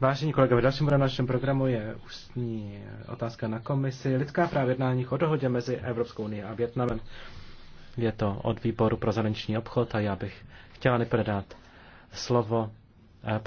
Vážení kolegové, dalším bodem našem programu je ústní otázka na komisi. Lidská práva jednání o dohodě mezi Evropskou unii a Větnamem. Je to od výboru pro zahraniční obchod a já bych chtěla nejprve slovo